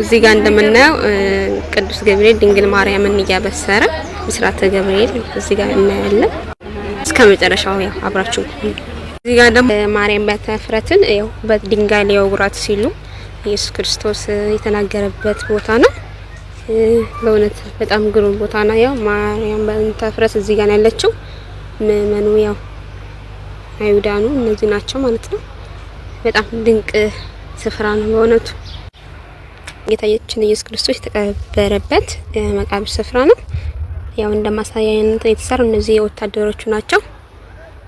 እዚህ ጋር እንደምናየው ቅዱስ ገብርኤል ድንግል ማርያምን እያበሰረ ምስራተ ገብርኤል እዚህ ጋር እናያለን። እስከ መጨረሻው ያው አብራችሁ እዚህ ጋር ደግሞ ማርያም በተፍረትን ያው በድንጋይ ሊወግሯት ሲሉ ኢየሱስ ክርስቶስ የተናገረበት ቦታ ነው። በእውነት በጣም ግሩም ቦታ ነው። ያው ማርያም በተፍረት እዚህ ጋር ያለችው ምእመኑ ያው አይሁዳኑ እነዚህ ናቸው ማለት ነው። በጣም ድንቅ ስፍራ ነው በእውነቱ። ጌታችን ኢየሱስ ክርስቶስ የተቀበረበት መቃብር ስፍራ ነው። ያው እንደማሳያነት የተሰሩ እነዚህ ወታደሮቹ ናቸው።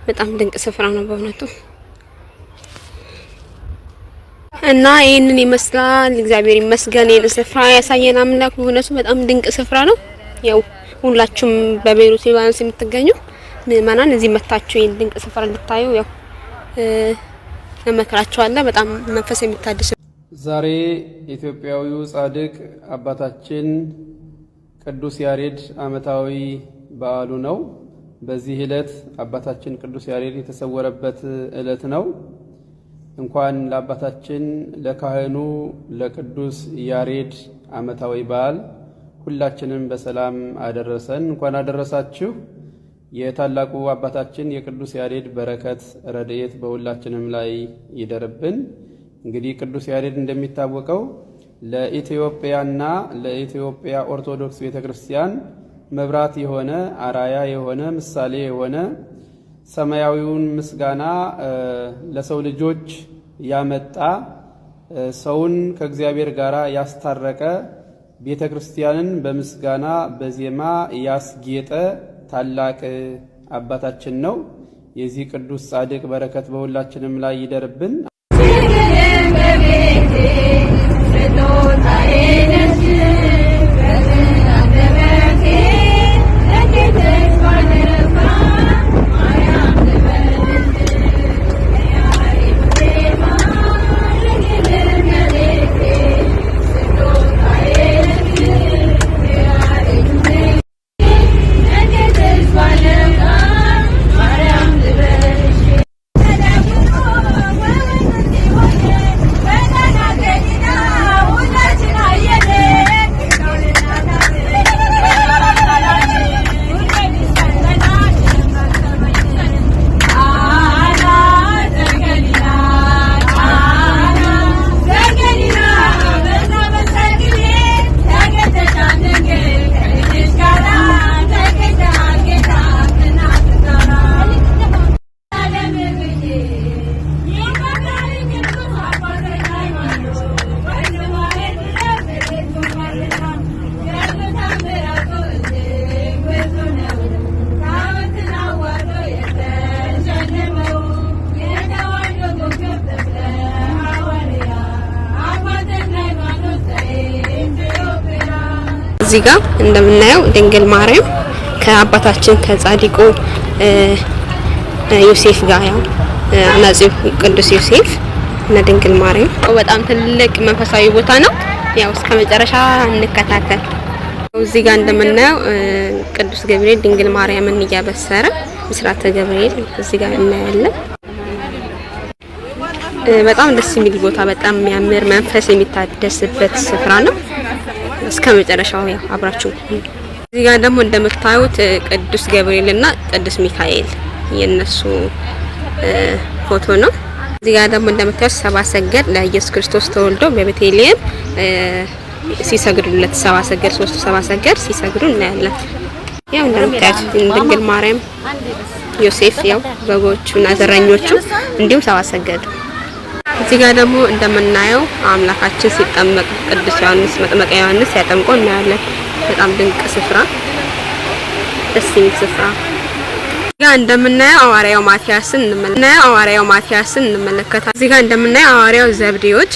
በጣም ድንቅ ስፍራ ነው በእውነቱ እና ይህንን ይመስላል። እግዚአብሔር ይመስገን ይህን ስፍራ ያሳየን አምላክ በእውነቱ በጣም ድንቅ ስፍራ ነው። ያው ሁላችሁም በቤሩት ሊባኖስ የምትገኙ ምእመናን እዚህ መታችሁ ይህን ድንቅ ስፍራ እንድታዩ ያው እመክራችኋለሁ። በጣም መንፈስ የሚታደስ ዛሬ ኢትዮጵያዊው ጻድቅ አባታችን ቅዱስ ያሬድ ዓመታዊ በዓሉ ነው። በዚህ ዕለት አባታችን ቅዱስ ያሬድ የተሰወረበት ዕለት ነው። እንኳን ለአባታችን ለካህኑ ለቅዱስ ያሬድ ዓመታዊ በዓል ሁላችንም በሰላም አደረሰን። እንኳን አደረሳችሁ። የታላቁ አባታችን የቅዱስ ያሬድ በረከት ረድኤት በሁላችንም ላይ ይደርብን። እንግዲህ ቅዱስ ያሬድ እንደሚታወቀው ለኢትዮጵያና ለኢትዮጵያ ኦርቶዶክስ ቤተ ክርስቲያን መብራት የሆነ አራያ የሆነ ምሳሌ የሆነ ሰማያዊውን ምስጋና ለሰው ልጆች ያመጣ ሰውን ከእግዚአብሔር ጋር ያስታረቀ ቤተ ክርስቲያንን በምስጋና በዜማ ያስጌጠ ታላቅ አባታችን ነው። የዚህ ቅዱስ ጻድቅ በረከት በሁላችንም ላይ ይደርብን። እዚህ ጋር እንደምናየው ድንግል ማርያም ከአባታችን ከጻድቁ ዮሴፍ ጋር ያው አናጺው ቅዱስ ዮሴፍ እና ድንግል ማርያም በጣም ትልቅ መንፈሳዊ ቦታ ነው። ያው እስከ መጨረሻ እንከታተል። እዚህ ጋር እንደምናየው ቅዱስ ገብርኤል ድንግል ማርያምን እያበሰረ ምስራተ ገብርኤል እዚህ ጋር እናያለን። በጣም ደስ የሚል ቦታ፣ በጣም የሚያምር መንፈስ የሚታደስበት ስፍራ ነው። እስከ መጨረሻው ያው አብራችሁ እዚህ ጋር ደግሞ እንደምታዩት ቅዱስ ገብርኤል እና ቅዱስ ሚካኤል የነሱ ፎቶ ነው። እዚህ ጋር ደግሞ እንደምታዩት ሰብአ ሰገል ለኢየሱስ ክርስቶስ ተወልዶ በቤተልሔም ሲሰግዱለት ሰብአ ሰገል ሶስቱ ሰብአ ሰገል ሲሰግዱ እናያለን። ያው እንደምታዩት ድንግል ማርያም፣ ዮሴፍ ያው በጎቹ በጎቹና እረኞቹ እንዲሁም ሰብአ ሰገሉ እዚህ ጋር ደግሞ እንደምናየው አምላካችን ሲጠመቅ ቅዱስ ዮሐንስ መጥመቀ ዮሐንስ ሲያጠምቆ እናያለን። በጣም ድንቅ ስፍራ፣ ደስ የሚል ስፍራ ጋር እንደምናየው አዋርያው ማቲያስን እንደምናየው አዋርያው ማቲያስን እንመለከታለን። እዚህ ጋር እንደምናየው አዋርያው ዘብዴዎች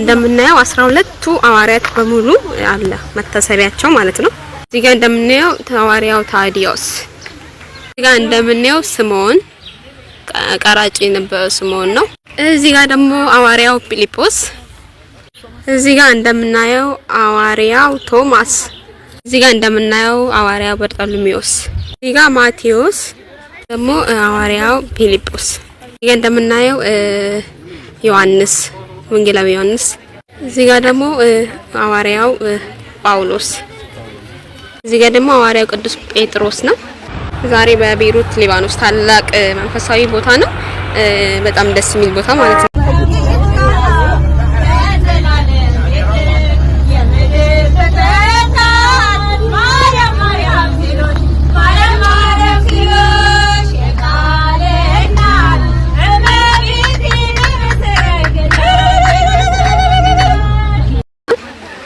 እንደምናየው አስራ ሁለቱ አዋርያት በሙሉ አለ መታሰቢያቸው ማለት ነው። እዚህ ጋር እንደምናየው ሐዋርያው ታዲዮስ፣ እዚህ ጋር እንደምናየው ስምዖን ቀራጭ የነበረው ስምዖን ነው። እዚህ ጋር ደግሞ አዋሪያው ፊሊጶስ፣ እዚህ ጋር እንደምናየው አዋሪያው ቶማስ፣ እዚህ ጋር እንደምናየው አዋሪያው በርጠሎሜዎስ፣ እዚህ ጋር ማቴዎስ፣ ደግሞ አዋሪያው ፊሊጶስ፣ እዚህ ጋር እንደምናየው ዮሐንስ ወንጌላዊ ዮሐንስ፣ እዚህ ጋር ደግሞ አዋሪያው ጳውሎስ፣ እዚህ ጋር ደግሞ አዋሪያው ቅዱስ ጴጥሮስ ነው። ዛሬ በቤይሩት ሊባኖስ ታላቅ መንፈሳዊ ቦታ ነው። በጣም ደስ የሚል ቦታ ማለት ነው።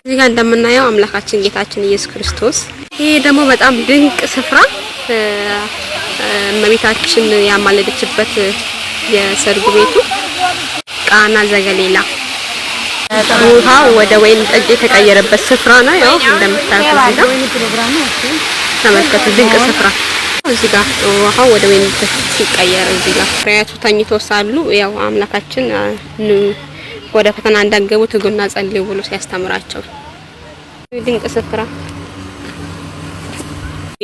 እዚህ ጋር እንደምናየው አምላካችን ጌታችን ኢየሱስ ክርስቶስ ይሄ ደግሞ በጣም ድንቅ ስፍራ እመቤታችን ያማለደችበት የሰርግ ቤቱ ቃና ዘገሌላ ውሃ ወደ ወይን ጠጅ የተቀየረበት ስፍራ ነው። ያው እንደምታውቁት ተመልከቱ፣ ድንቅ ስፍራ። እዚህ ጋር ውሃ ወደ ወይን ጠጅ ሲቀየር እዚህ ጋር ፍሬያቱ ተኝቶ ሳሉ ያው አምላካችን ወደ ፈተና እንዳገቡ ትጉና ጸልዩ ብሎ ሲያስተምራቸው ድንቅ ስፍራ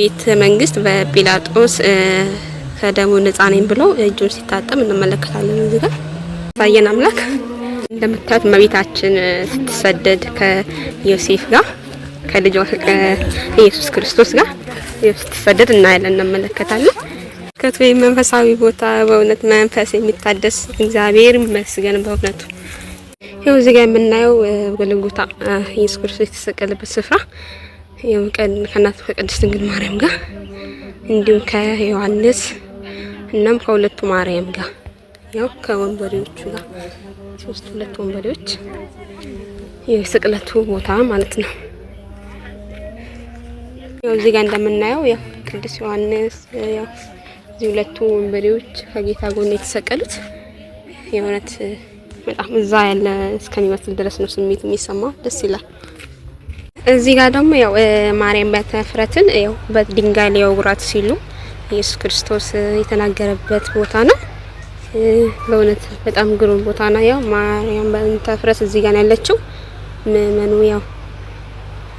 ቤተ መንግስት በጲላጦስ ከደሞ ነጻ ነኝ ብሎ እጁን ሲታጠብ እንመለከታለን። እዚህ ጋር ያሳየን አምላክ እንደምታዩት እመቤታችን ስትሰደድ ከዮሴፍ ጋር ከልጇ ኢየሱስ ክርስቶስ ጋር ስትሰደድ እናያለን፣ እንመለከታለን። ከቶ መንፈሳዊ ቦታ በእውነት መንፈስ የሚታደስ እግዚአብሔር ይመስገን በእውነቱ። ይኸው እዚህ ጋር የምናየው ጎልጎታ ኢየሱስ ክርስቶስ የተሰቀለበት ስፍራ ቀን ከእናቱ ከቅድስት ድንግል ማርያም ጋር እንዲሁም ከዮሐንስ እናም ከሁለቱ ማርያም ጋር ያው ከወንበዴዎቹ ጋር ሶስት ሁለት ወንበዴዎች የስቅለቱ ቦታ ማለት ነው። ያው እዚህ ጋር እንደምናየው ያው ቅዱስ ዮሐንስ ያው እዚህ ሁለቱ ወንበዴዎች ከጌታ ጎን የተሰቀሉት የእውነት በጣም እዛ ያለ እስከሚመስል ድረስ ነው ስሜት የሚሰማው። ደስ ይላል። እዚህ ጋር ደግሞ ያው ማርያም በተፍረትን ያው በድንጋይ ሊወግሯት ሲሉ ኢየሱስ ክርስቶስ የተናገረበት ቦታ ነው። በእውነት በጣም ግሩም ቦታ ነው። ያው ማርያም በእንተፍረስ እዚህ ጋር ያለችው ምእመኑ ያው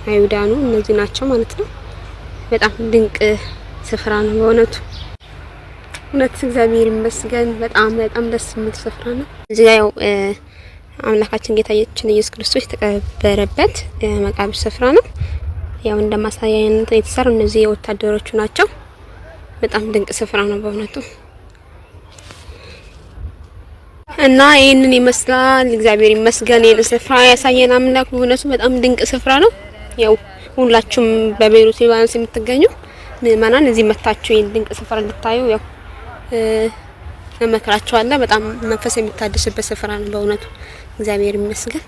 አይሁዳኑ እነዚህ ናቸው ማለት ነው። በጣም ድንቅ ስፍራ ነው በእውነቱ እውነት እግዚአብሔር ይመስገን። በጣም በጣም ደስ የሚል ስፍራ ነው። እዚህ ጋር ያው አምላካችን ጌታችን ኢየሱስ ክርስቶስ የተቀበረበት መቃብር ስፍራ ነው። ያው እንደማሳያነት የተሰሩ እነዚህ ወታደሮቹ ናቸው። በጣም ድንቅ ስፍራ ነው በእውነቱ። እና ይህንን ይመስላል። እግዚአብሔር ይመስገን ይህን ስፍራ ያሳየን አምላክ። በእውነቱ በጣም ድንቅ ስፍራ ነው። ያው ሁላችሁም በቤይሩት ሊባኖስ የምትገኙ ምዕመናን እዚህ መታችሁ ይህን ድንቅ ስፍራ እንድታዩ ያው እመክራችኋለሁ። በጣም መንፈስ የሚታደስበት ስፍራ ነው በእውነቱ። እግዚአብሔር ይመስገን።